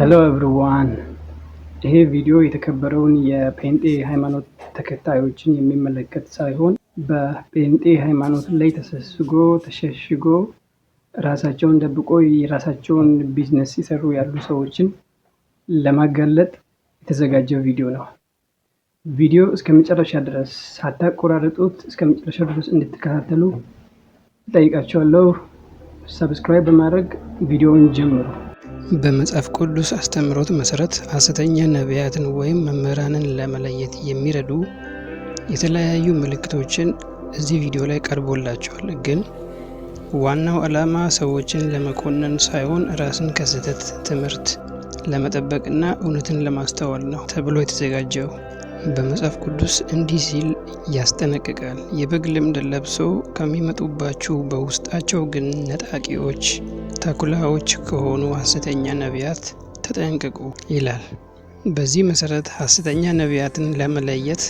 ሄሎ ኤቭሪዋን ይሄ ቪዲዮ የተከበረውን የጴንጤ ሃይማኖት ተከታዮችን የሚመለከት ሳይሆን በጴንጤ ሃይማኖት ላይ ተሰስጎ ተሸሽጎ ራሳቸውን ደብቆ የራሳቸውን ቢዝነስ ሲሰሩ ያሉ ሰዎችን ለማጋለጥ የተዘጋጀ ቪዲዮ ነው። ቪዲዮ እስከ መጨረሻ ድረስ ሳታቆራረጡት እስከ መጨረሻ ድረስ እንድትከታተሉ እጠይቃችኋለሁ። ሰብስክራይብ በማድረግ ቪዲዮውን ጀምሩ። በመጽሐፍ ቅዱስ አስተምህሮት መሰረት ሐሰተኛ ነቢያትን ወይም መምህራንን ለመለየት የሚረዱ የተለያዩ ምልክቶችን እዚህ ቪዲዮ ላይ ቀርቦላቸዋል። ግን ዋናው ዓላማ ሰዎችን ለመኮነን ሳይሆን ራስን ከስህተት ትምህርት ለመጠበቅና እውነትን ለማስተዋል ነው ተብሎ የተዘጋጀው። በመጽሐፍ ቅዱስ እንዲህ ሲል ያስጠነቅቃል። የበግ ልምድ ለብሰው ከሚመጡባችሁ በውስጣቸው ግን ነጣቂዎች ተኩላዎች ከሆኑ ሐሰተኛ ነቢያት ተጠንቅቁ ይላል። በዚህ መሰረት ሐሰተኛ ነቢያትን ለመለየት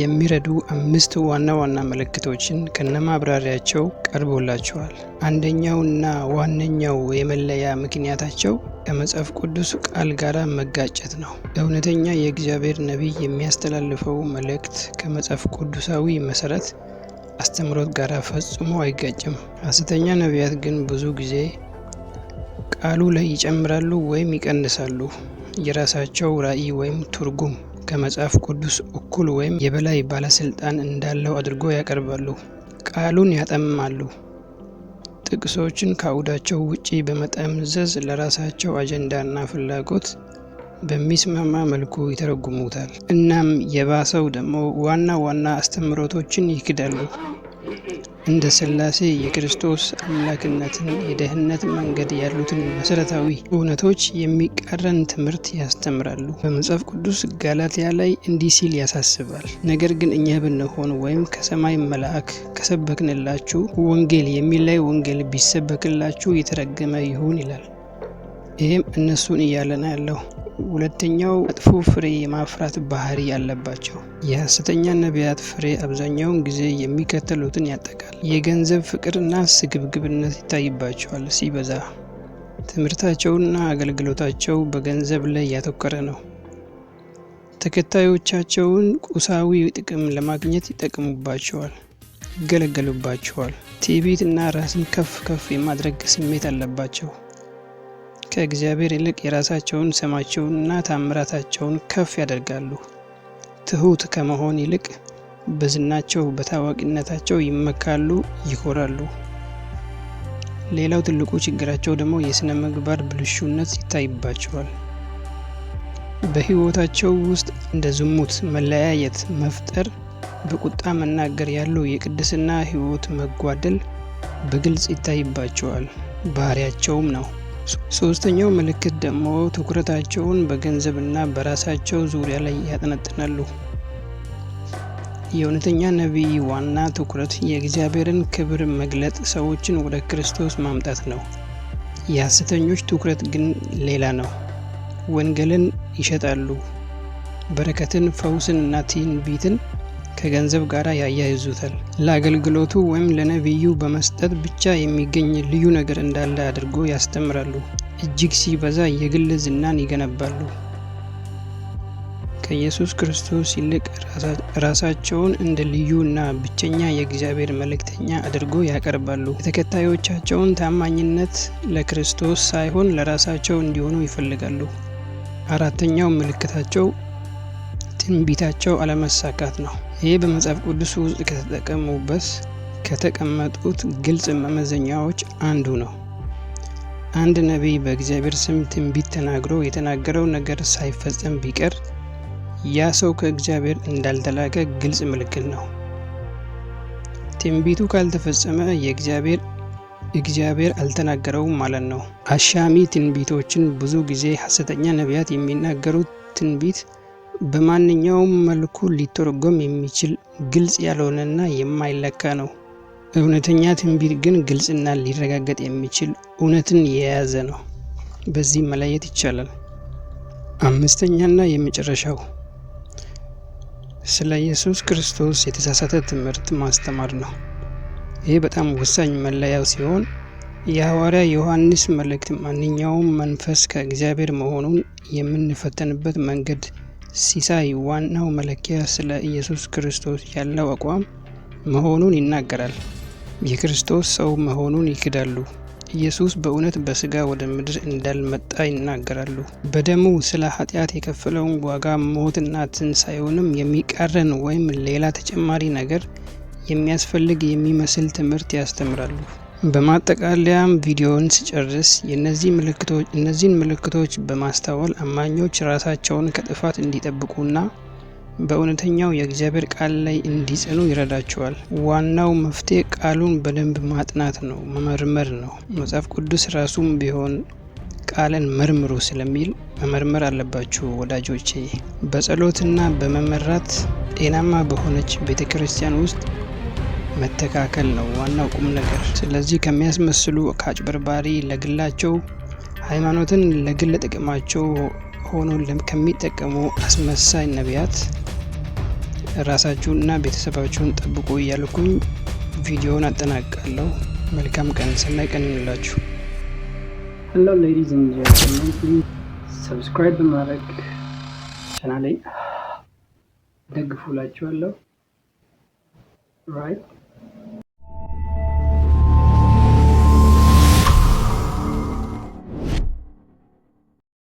የሚረዱ አምስት ዋና ዋና ምልክቶችን ከነማብራሪያቸው ቀርቦላቸዋል። አንደኛውና ዋነኛው የመለያ ምክንያታቸው ከመጽሐፍ ቅዱስ ቃል ጋር መጋጨት ነው። እውነተኛ የእግዚአብሔር ነቢይ የሚያስተላልፈው መልእክት ከመጽሐፍ ቅዱሳዊ መሰረት አስተምሮት ጋር ፈጽሞ አይጋጭም። ሐሰተኛ ነቢያት ግን ብዙ ጊዜ ቃሉ ላይ ይጨምራሉ ወይም ይቀንሳሉ። የራሳቸው ራዕይ ወይም ትርጉም ከመጽሐፍ ቅዱስ እኩል ወይም የበላይ ባለስልጣን እንዳለው አድርጎ ያቀርባሉ። ቃሉን ያጠምማሉ። ጥቅሶችን ከአውዳቸው ውጪ በመጠምዘዝ ለራሳቸው አጀንዳና ፍላጎት በሚስማማ መልኩ ይተረጉሙታል። እናም የባሰው ደግሞ ዋና ዋና አስተምህሮቶችን ይክዳሉ። እንደ ስላሴ የክርስቶስ አምላክነትን የደህንነት መንገድ ያሉትን መሰረታዊ እውነቶች የሚቃረን ትምህርት ያስተምራሉ። በመጽሐፍ ቅዱስ ጋላትያ ላይ እንዲህ ሲል ያሳስባል። ነገር ግን እኛ ብንሆን ወይም ከሰማይ መልአክ ከሰበክንላችሁ ወንጌል የሚላይ ወንጌል ቢሰበክላችሁ የተረገመ ይሁን ይላል። ይህም እነሱን እያለ ያለው። ሁለተኛው መጥፎ ፍሬ የማፍራት ባህሪ ያለባቸው የሐሰተኛ ነቢያት ፍሬ አብዛኛውን ጊዜ የሚከተሉትን ያጠቃል። የገንዘብ ፍቅርና ስግብግብነት ይታይባቸዋል። ሲበዛ ትምህርታቸውና አገልግሎታቸው በገንዘብ ላይ ያተኮረ ነው። ተከታዮቻቸውን ቁሳዊ ጥቅም ለማግኘት ይጠቅሙባቸዋል፣ ይገለገሉባቸዋል። እና ራስን ከፍ ከፍ የማድረግ ስሜት አለባቸው። ከእግዚአብሔር ይልቅ የራሳቸውን ስማቸውንና ታምራታቸውን ከፍ ያደርጋሉ። ትሑት ከመሆን ይልቅ በዝናቸው በታዋቂነታቸው ይመካሉ፣ ይኮራሉ። ሌላው ትልቁ ችግራቸው ደግሞ የሥነ ምግባር ብልሹነት ይታይባቸዋል። በሕይወታቸው ውስጥ እንደ ዝሙት፣ መለያየት መፍጠር፣ በቁጣ መናገር ያለው የቅድስና ሕይወት መጓደል በግልጽ ይታይባቸዋል፣ ባህሪያቸውም ነው። ሶስተኛው ምልክት ደግሞ ትኩረታቸውን በገንዘብና በራሳቸው ዙሪያ ላይ ያጠነጥናሉ። የእውነተኛ ነቢይ ዋና ትኩረት የእግዚአብሔርን ክብር መግለጥ፣ ሰዎችን ወደ ክርስቶስ ማምጣት ነው። የሐሰተኞች ትኩረት ግን ሌላ ነው። ወንጌልን ይሸጣሉ፣ በረከትን፣ ፈውስን እና ትንቢትን ከገንዘብ ጋር ያያይዙታል። ለአገልግሎቱ ወይም ለነቢዩ በመስጠት ብቻ የሚገኝ ልዩ ነገር እንዳለ አድርጎ ያስተምራሉ። እጅግ ሲበዛ የግል ዝናን ይገነባሉ። ከኢየሱስ ክርስቶስ ይልቅ ራሳቸውን እንደ ልዩ እና ብቸኛ የእግዚአብሔር መልእክተኛ አድርጎ ያቀርባሉ። የተከታዮቻቸውን ታማኝነት ለክርስቶስ ሳይሆን ለራሳቸው እንዲሆኑ ይፈልጋሉ። አራተኛው ምልክታቸው ትንቢታቸው አለመሳካት ነው። ይህ በመጽሐፍ ቅዱስ ውስጥ ከተጠቀሙበት ከተቀመጡት ግልጽ መመዘኛዎች አንዱ ነው። አንድ ነቢይ በእግዚአብሔር ስም ትንቢት ተናግሮ የተናገረው ነገር ሳይፈጸም ቢቀር ያ ሰው ከእግዚአብሔር እንዳልተላከ ግልጽ ምልክት ነው። ትንቢቱ ካልተፈጸመ የእግዚአብሔር እግዚአብሔር አልተናገረውም ማለት ነው። አሻሚ ትንቢቶችን ብዙ ጊዜ ሐሰተኛ ነቢያት የሚናገሩት ትንቢት በማንኛውም መልኩ ሊተረጎም የሚችል ግልጽ ያልሆነና የማይለካ ነው። እውነተኛ ትንቢት ግን ግልጽና ሊረጋገጥ የሚችል እውነትን የያዘ ነው። በዚህ መለየት ይቻላል። አምስተኛና የመጨረሻው ስለ ኢየሱስ ክርስቶስ የተሳሳተ ትምህርት ማስተማር ነው። ይህ በጣም ወሳኝ መለያው ሲሆን የሐዋርያ ዮሐንስ መልእክት ማንኛውም መንፈስ ከእግዚአብሔር መሆኑን የምንፈተንበት መንገድ ሲሳይ ዋናው መለኪያ ስለ ኢየሱስ ክርስቶስ ያለው አቋም መሆኑን ይናገራል። የክርስቶስ ሰው መሆኑን ይክዳሉ። ኢየሱስ በእውነት በስጋ ወደ ምድር እንዳልመጣ ይናገራሉ። በደሙ ስለ ኃጢአት የከፈለውን ዋጋ ሞትና ትንሣኤውንም የሚቃረን ወይም ሌላ ተጨማሪ ነገር የሚያስፈልግ የሚመስል ትምህርት ያስተምራሉ። በማጠቃለያም ቪዲዮውን ስጨርስ ምልክቶች እነዚህን ምልክቶች በማስተዋል አማኞች ራሳቸውን ከጥፋት እንዲጠብቁና በእውነተኛው የእግዚአብሔር ቃል ላይ እንዲጸኑ ይረዳቸዋል። ዋናው መፍትሄ ቃሉን በደንብ ማጥናት ነው፣ መመርመር ነው። መጽሐፍ ቅዱስ ራሱም ቢሆን ቃልን መርምሩ ስለሚል መመርመር አለባችሁ ወዳጆቼ። በጸሎትና በመመራት ጤናማ በሆነች ቤተ ክርስቲያን ውስጥ መተካከል ነው ዋናው ቁም ነገር። ስለዚህ ከሚያስመስሉ ከአጭበርባሪ ለግላቸው ሃይማኖትን ለግል ጥቅማቸው ሆኖ ከሚጠቀሙ አስመሳይ ነቢያት ራሳችሁንና ቤተሰባችሁን ጠብቁ እያልኩኝ ቪዲዮውን አጠናቅቃለሁ። መልካም ቀን፣ ሰናይ ቀን ይሁንላችሁ። ሄሎ ሌዲዝ ኤንድ ጀንትልመን፣ ሰብስክራይብ በማድረግ ቻናሌ ደግፉላችኋለሁ። ራይት